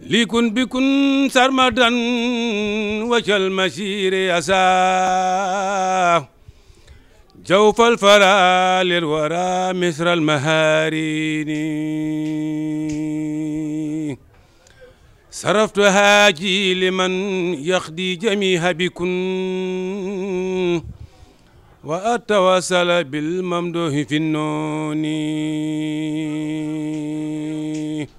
ليكن بكن سرمدا وجل مسير يساه جوف الفرا للورى مصر المهارين صرفت هاجي لمن يخدي جميع بكن wa atawasala bil mamduhi fi nooni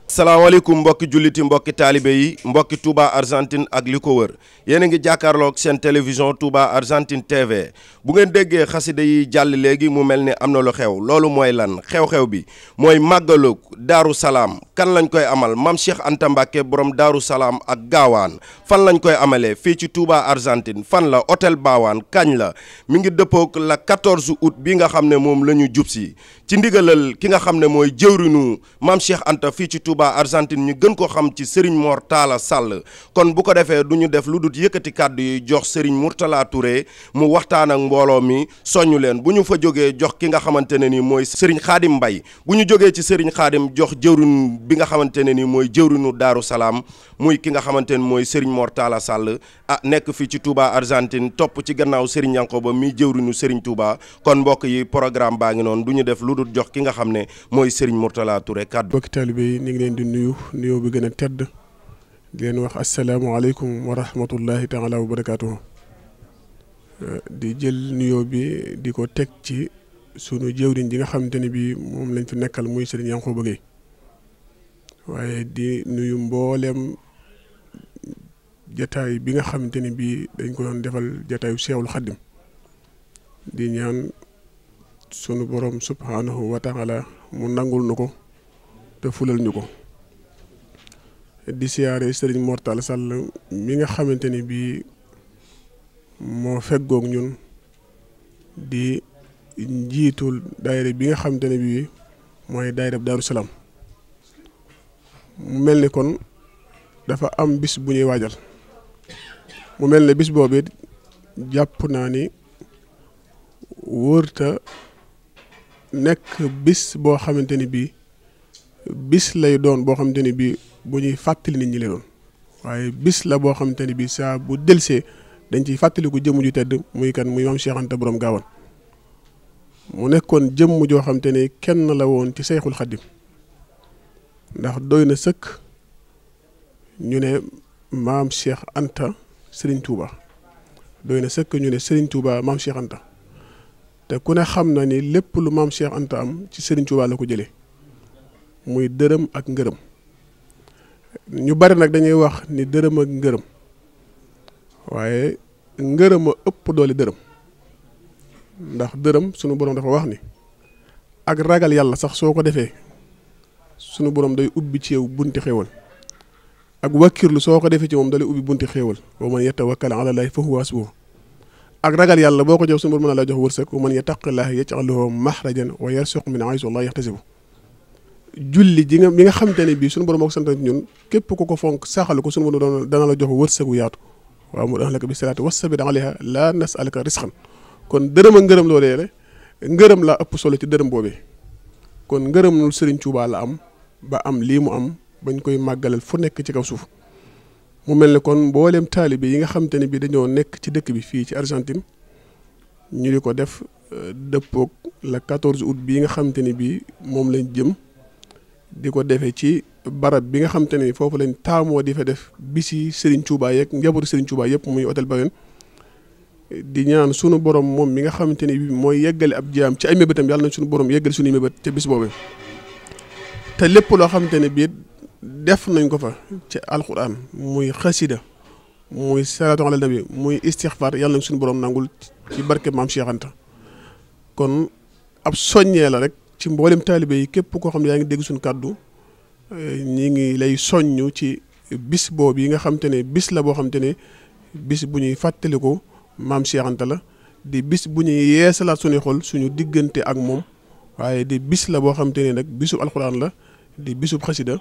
salaamaaleykum mbokki julliti mbokki taalibe yi mbokki Touba Argentine ak li ko wër yéen a ngi jàkkaarloog seen télévision Touba Argentine TV bu ngeen déggee xasida yi jàll léegi mu mel ni am na lu xew loolu mooy lan xew-xew bi mooy màggalug daaru salaam kan lañ koy amal mam Cheikh Anta Mbacke borom daaru salaam ak gaawaan fan lañ koy amalee fii ci Touba Argentine fan la otel baawaan kañ la mu ngi dëppoog la 14 août bi nga xam ne moom la ñu jub si ci ndigalal ki nga xam ne mooy jëwrinu maam Cheikh Anta fii ci Touba Argentine ñu gën ko xam ci Serigne Mor Talla Sall kon bu ko defee du ñu def lu dul yëkkati kàddu yi jox Serigne Mourtala Touré mu waxtaan ak mbooloo mi soññu leen bu ñu fa jógee jox ki nga xamante ne nii mooy Serigne Khadim mbay bu ñu jógee ci Serigne Khadim jox jëwrin bi nga xamante ne nii mooy jëwrinu Daaru Salaam muy ki nga xamante ne mooy Serigne Mor Talla Sall ah nekk fii ci Touba Argentine topp ci gannaaw Serigne Yankoba mi jëwrinu Serigne Touba kon mbokk yi programme baa ngi noonu du ñu def lu dul jox ki nga xam ne mooy Serigne Mourtala Touré kàddu. mbokki taalibe yi ñu ngi leen di nuyu nuyoo bi gën a tedd di leen wax asalaamaaleykum wa rahmatullahi taala wa di jël nuyoo bi di ko teg ci sunu jëwriñ ji nga xamante ni bii moom lañ fi nekkal muy Serigne Yankhoba Gueye waaye di nuyu mboolem jataay bi nga xamante ni bii dañ ko doon defal jataayu Seexul Xaddim di ñaan. sunu borom subhanahu wa taala mu nangul nu ko te fulal ñu ko di siyaare sëriñ Mortal Sall mi nga xamante ni bii moo feggoog ñun di njiitul daayira bi nga xamante ne bii mooy daayira Daaru Salaam mu mel ni kon dafa am bis bu ñuy waajal mu mel ni bis boobu jàpp naa ni wóorta nekk bis boo xamante ni bii bis lay doon boo xamante ni bii bu ñuy fàttali nit ñi lay doon waaye bis la boo xamante ni bii saa bu delsee dañ ciy fàttaliku jëmm ju tedd muy kan muy maam Cheikh Anta borom gaawan mu nekkoon jëmm joo xamante ni kenn la woon ci Seyxul Xaddim ndax doy na sëkk ñu ne maam Cheikh Anta Serigne Touba doy na sëkk ñu ne Serigne Touba maam Cheikh Anta. te ku ne xam na ni lépp lu maam Cheikh Anta am ci Serigne Touba la ko jële muy dërëm ak ngërëm ñu bari nag dañuy wax ni dërëm ak ngërëm waaye ngërëm a ëpp doole dërëm ndax dërëm sunu borom dafa wax ni ak ragal yàlla sax soo ko defee sunu borom day ubbi ci yow bunti xéewal ak wakkirlu soo ko defee ci moom dalay ubbi bunti xéewal wa man yatawakkal ala llaahi fa huwa hasbuh ak ragal yàlla boo ko jox suñu bor mën a laa jox wërsëg man yattaqillaaha yaj'al lahu maxrajan wa yarsuqhu min haysu laa yaxtasibu julli ji nga mi nga xamante ne bii suñu borom moo ko sant ñun képp ku ko fonk saxal ko suñu borom dana la jox wërsëgu yaatu waaw mu ahlaka bi salaati wasabir alayha laa nasalka risqan kon dërëm ak ngërëm loolee rek ngërëm laa ëpp solo ci dërëm boobee kon ngërëm lu Sëriñ Tuubaa la am ba am lii mu am bañ koy màggalal fu nekk ci kaw suuf mu mel ni kon mbooleem taalibe yi nga xamante ne bii dañoo nekk ci dëkk bi fii ci Argentine ñu di ko def euh, dëppoog la 14 août bii nga xamante ni bii moom lañ jëm di ko defee ci barab bi nga xam xamante ni foofu lañ taamoo di fa def bisi Serigne Touba yeeg njabootu Serigne Touba yëpp muy hôtel Bayonne di ñaan sunu borom moom mi nga xamante ni bii mooy yeggale ab jaam ci ay mébétam yàlla na sunu borom yeggal sunu mébét ca bis boobee te lépp loo xamante ne def nañ ko fa ci alxuraan muy xasida muy salaatu ala nabi muy istixfaar yàlla nañ suñu borom nangul ci barke maam Cheikh kon ab soññee la rek ci mboolem taalibe yi képp koo xam ne yaa ngi dégg suñu kàddu eh, ñi ngi lay soññ ci bis boobu yi nga xam te ne bis la boo xam te ne bis bu ñuy fàttaliku maam Cheikh la di bis bu ñuy yeesalaat suñuy xol suñu diggante ak moom waaye di bis la boo xam te ne nag bisu alxuraan la di bisub xasida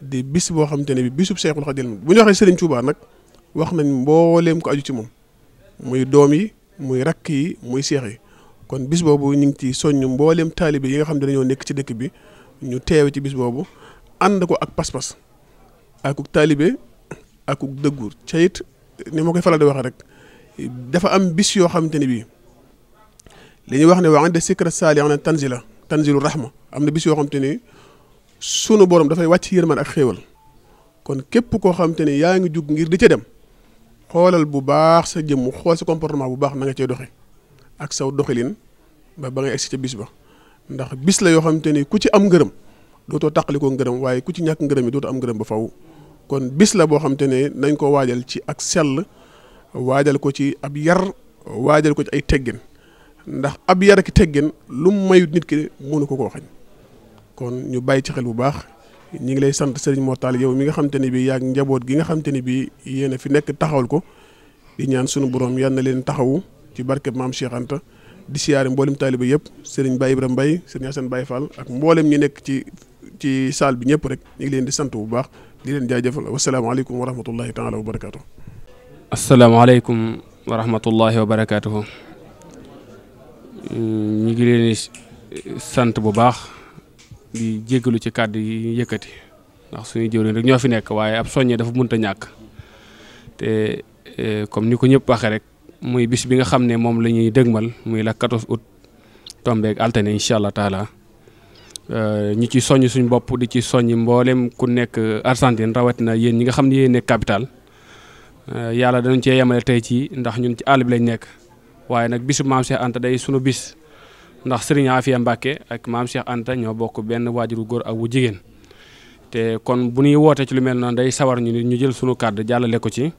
di bis boo xamante ne bi bisub Seexul Xadiim bu ñu waxee Serigne Touba nag wax nañ mbooleem ko aju ci moom muy doom yi muy rakk yi muy seex yi kon bis boobu ñu ngi ci soññ mbooleem taalibe yi nga xam ne dañoo nekk ci dëkk bi ñu teewe ci bis boobu ànd ko ak pas-pas akuk taalibe akuk dëggu ca it ni ma koy faral di waxee rek dafa am bis yoo xamante ne bii li ñuy wax ne waa nga de sikra saali am na tanzila tanzilu rahma am na bis yoo xamante ni sunu borom dafay wàcc yërmaan ak xéewal kon képp koo xam te yaa ngi jug ngir di ca dem xoolal bu baax sa jëmm xool sa comportement bu baax na nga cee doxe ak saw doxalin ba ba nga egsi ca bis ba ndax bis la yoo xam te ni ku ci am ngërëm dootoo tàqalikoo ngërëm waaye ku ci ñàkk ngërëm yi dootoo am ngërëm ba faw kon bis la boo xam te ne nañ ko waajal ci ak sell waajal ko ci ab yar waajal ko ci ay teggin ndax ab yar ak teggin lu mu mayut nit ki mënu ko koo xañ kon ñu bàyyi ci xel bu baax ñi ngi lay sant Serigne Mortal yow mi nga xam te ne bii yaag njaboot gi nga xam te ne bii yéen a fi nekk taxawal ko di ñaan sunu borom yal na leen taxawu ci barkeb maam Cheikh Anta di siyaare mboolem taaliba yëpp Serigne Baye Ibrahima mbay Serigne seen Baye Fall ak mboolem ñi nekk ci ci salle bi ñëpp rek ñu ngi leen di sant bu baax di leen jaajëfal wasalaamaaleykum wa rahmatullahi taala wa barakaatu. asalaamaaleykum wa rahmatullahi wa barakaatu. ñu ngi leen di sant bu baax. di jéggalu ci kàddu yi yëkkati ndax suñu jëwriñ rek ñoo fi nekk waaye ab soññe dafa mun te ñàkk te e, comme ni ko ñëpp waxee rek muy bis bi nga xam ne moom la ñuy dëgmal muy la 14 août tombeeg altine incha allah taala e, ñu ci soññ suñ bopp di ci soññ mbooleem ku nekk Argentine rawatina yéen ñi nga xam ne yéen nekk capital e, yàlla danañ cee yemale tey ci ndax ñun ci àll bi lañ nekk waaye nag bisu maam Cheikh Anta day sunu bis ndax Serigne Afia Mbacke ak maam Cheikh Anta ñoo bokk benn waajuru góor ak wu jigéen te kon bu ñuy woote ci lu mel noonu day sawar ñu ñu jël sunu kàddu jàllale ko ci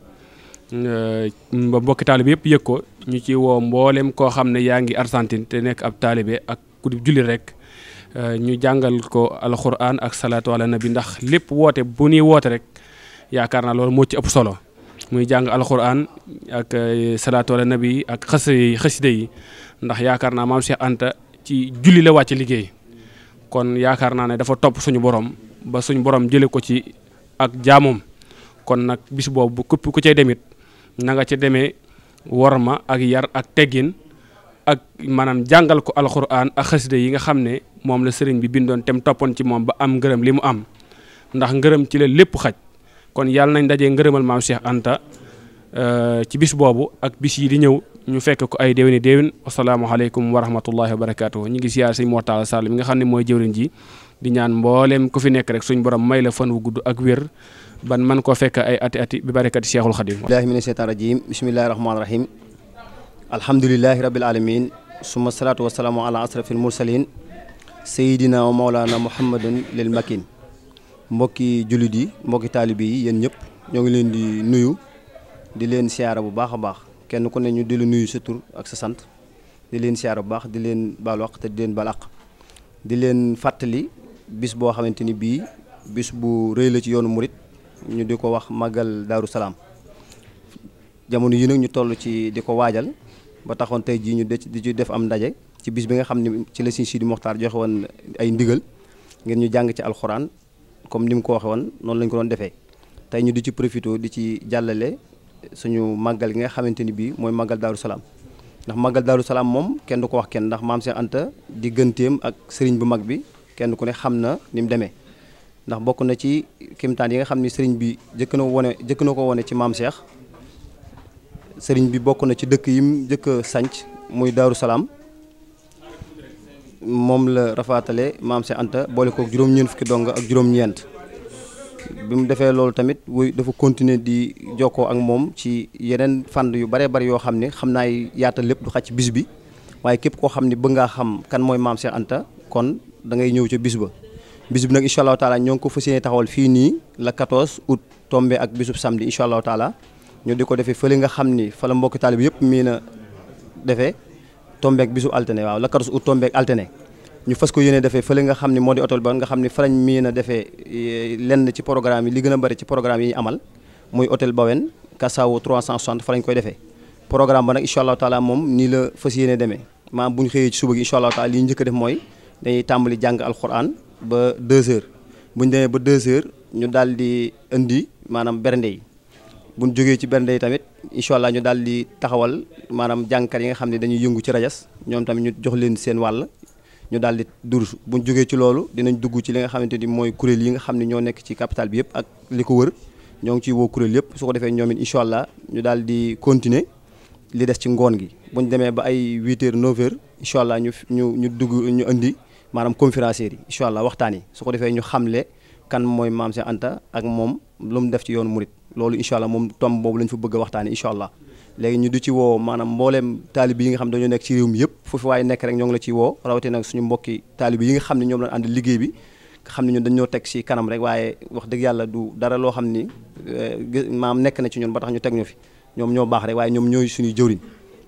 euh, ba mbokki taalibe yëpp yëg ko ñu ci woo mbooleem koo xam ne yaa ngi Argentine te nekk ab taalibe ak ku di julli rek euh, ñu jàngal ko alxuraan ak salaatu ala nabi ndax lépp woote bu ñuy woote rek yaakaar naa loolu moo ci ëpp solo muy jàng alxuraan ak euh, salaatu ala nabi ak xas xaside ndax yaakaar naa maam Cheikh Anta ci julli la wàcc liggéey kon yaakaar naa ne dafa topp suñu borom ba suñu borom jëlee ko ci ak jaamoom kon nag bis boobu képp ku cee demit na nga ca demee worma ak yar ak teggin ak maanaam jàngal ko alxuraan ak xasida yi nga xam ne moom la sëriñ bi bindoon tem toppoon ci moom ba am ngërëm li mu am ndax ngërëm ci la lépp xaj kon yàlla nañ dajee ngërëmal maam Cheikh Anta Euh, ci bis boobu ak bis yi di ñëw ñu fekk ko ay déwéni déwén asalaamaaleykum wa rahmatullahi wa barakaatu ñu ngi siyaar sëñ Mortalla Sall mi nga xam ne mooy jëwriñ ji di ñaan mbooleem ku fi nekk rek suñ borom may la wu gudd ak wér ban man koo fekk ay ati ati bi barakati cheikhul xadim billahi mina sheytan rajim bismillahi rahmaani rahim alhamdulilahi rabil alamin suma salaatu wasalaamu ala asrafil mursalin sayidina wa maolana muhammadun lil makin mbokki jullit yi mbokki taalibe yi yéen ñëpp ñoo ngi leen di nuyu di leen siyaara bu baax a baax kenn ku ne ñu di lu nuyu sa tur ak sa sant di leen siyaara bu baax di leen baalu te di leen baal di leen fàttali bis boo xamante ni bii bis bu rëy la ci yoonu murit ñu di ko wax màggal daaru salaam jamono yii nag ñu toll ci di ko waajal ba taxoon tey jii ñu di ci def am ndaje ci bis bi nga xam ne ci la Sëriñ Sidi Moxtaar joxe ay ndigal ngir ñu jàng ci alxuraan comme ni mu ko waxe noonu lañ ko doon defee tey ñu di ci profité di ci jàllale suñu màggal gi nga xamante ni bii mooy màggal daaru salaam ndax màggal daaru salaam moom kenn du ko wax kenn ndax maam Cheikh Anta digganteem ak sëriñ bu mag bi kenn ku ne xam na ni mu demee ndax bokk na ci kimtaan yi nga xam ni sëriñ bi jëkk na wone jëkk na ko wone ci maam seex sëriñ bi bokk na ci dëkk yi mu jëkk a sanc muy daaru salaam moom la rafaatale maam Cheikh Anta boole ko juróom dong ak juróom-ñeent bi mu defee loolu tamit wuy dafa continuer di jokkoo ak moom ci yeneen fànn yu bëree bëri yoo xam ne xam naa yaatal lépp du xàcc bis bi waaye képp koo xam ne bëgg ngaa xam kan mooy maam Cheikh Anta kon da ngay ñëw ca bis ba. bis bi nag incha allahu taala ñoo ngi ko fas yéene taxawal fii nii la 14 août ak bisub samedi incha allahu di ko defee fële nga xam ni fa la mbokki taalibe yëpp mii na defee tombé ak bisub alterné waaw la 14 août tombé ak ñu fas ko yéene defee fële nga xam ne moo di hôtel ba nga xam ne farañ mii na defee eh, lenn ci programme yi li gën a bëri ci programme yi ñu amal muy hôtel Bawen Kassaawu 360 farañ koy defee programme ba nag incha allahu taala moom nii la fas yéene demee maanaam bu ñu xëyee ci suba gi incha allahu taala li ñu njëkk def mooy dañuy tàmbali jàng alquran ba 2 heures bu ñu demee ba 2 heures ñu daal di indi maanaam bernde yi bu ñu jógee ci bernde yi tamit incha allah ñu daal di taxawal maanaam jàngkat yi nga xam ne dañuy yëngu ci rajas ñoom tamit ñu jox leen seen wàll ñu daal di bu buñ jógee ci loolu dinañ dugg ci li nga xamante ni mooy kuréel yi nga xam ne ñoo nekk ci capital bi yëpp ak li ko wër ñoo ngi ciy woo kuréel yëpp su ko defee ñoom it allah ñu daal di continuer li des ci ngoon gi ñu demee ba ay 8 heures 9 heures incha allah ñu ñu ñu dugg ñu indi maanaam conférenciers yi incha allah waxtaan yi su ko defee ñu xamle kan mooy maam Cheikh Anta ak moom lu mu def ci yoonu murit loolu incha allah moom tomb boobu lañ fa bëgg a yi incha allah léegi ñu du ci woo maanaam mbooleem taalibi yi nga xam dañoo nekk ci réew mi yëpp foofu waaye nekk rek ñoo ngi la ciy woo rawatina suñu mbokki taalib yi nga xam ne ñoom lañ ànd xam ne ñun dañoo teg ci kanam rek waaye wax dëgg yàlla du dara loo xam ni eh, maam nekk na ci ñun ba tax ñu teg ñu fi ñoom ñoo baax rek waaye ñoom ñooy suñuy jëwriñ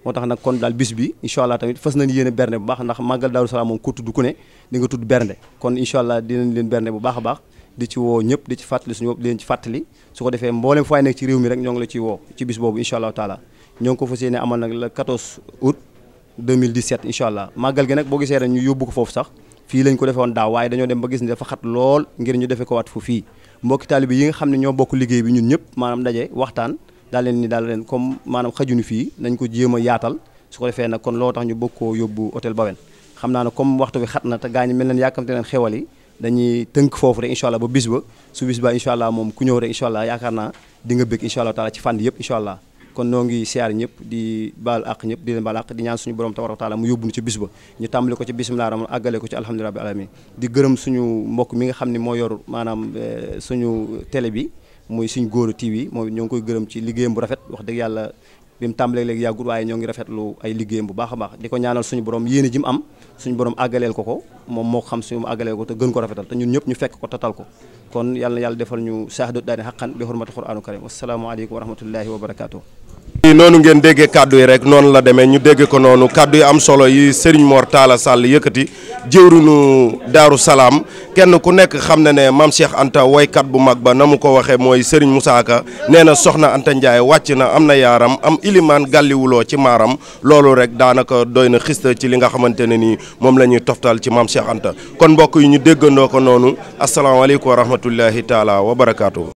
moo tax nag kon daal bis bi incha allah tamit fas nañ yéene bernde bu baax ndax màggal daaru salaam moom ku tudd ku ne di nga tudd bernde kon incha allah bu baax baax di ci woo ñëpp di ci fàttali suñu bopp di leen ko defee mboolem fu waay nekk réew mi rek ñoo ngi la ciy woo ci bis boobu incha allah taala ñoo ngi ko fas yéene amal nag le 14 août 2017 incha allah màggal gi nag boo gisee ren ñu yóbbu ko foofu sax fii lañ ko defee woon daaw waaye dañoo dem ba gis ni dafa xat lool ngir ñu defee ko waat fu fii mbokki taalibe yi nga xam ne ñoo bokk liggéey bi ñun ñëpp maanaam daje waxtaan daal leen ni daal leen comme maanaam xajuñu fii nañ ko jéem a yaatal su ko defee nag kon loo tax ñu bokk koo yóbbu hôtel Bawen xam naa ne comme waxtu bi na te gaa ñi mel leen yàkkamte leen xewal yi dañuy tënk foofu rek incha allah ba bis ba su bis ba incha allah moom ku kon noo ngi siyaar ñëpp di baal àq ñëpp di leen baal àq di ñaan suñu borom tabaraka taala mu yóbbuñu ci bis ba ñu tàmbali ko ci bismillah rahman àggale ko ci alhamdulilah rabbil di gërëm suñu mbokk mi nga xam ni moo yor maanaam eh, suñu télé bi muy suñu góor TV moom ñoo ngi koy gërëm ci liggéeyam bu rafet wax dëgg yàlla bi mu tàmbalee léegi yàggul waaye ñoo ngi rafetlu ay liggéeyam bu baax a baax di ko ñaanal suñu borom yéene ji am suñu borom àggaleel ko ko moom moo xam suñu àggaleel ko te gën ko rafetal te ñun ñëpp ñu fekk ko tatal ko kon yàlla na yàlla defal ñu saahadut daani xaqan bi xurmati quranu karim wasalaamu aleykum wa rahmatullahi noonu ngeen déggee kàddu yi rek noonu la demee ñu dégg ko noonu kàddu yi am solo yi Serigne Mor sàll Sall yëkkati jëwrinu Daaru Salaam kenn ku nekk xam na ne mam Cheikh Anta woykat bu mag ba na mu ko waxee mooy Serigne Moussa Ka nee na soxna Anta Ndiaye wàcc na am na yaaram am ilimaan gàlliwuloo ci maaram loolu rek daanaka doy na xista ci li nga xamante ne nii moom la ñuy toftal ci mam Cheikh Anta kon mbokk yi ñu déggandoo ko noonu asalaamaaleykum wa rahmatullahi taala wa barakaatu.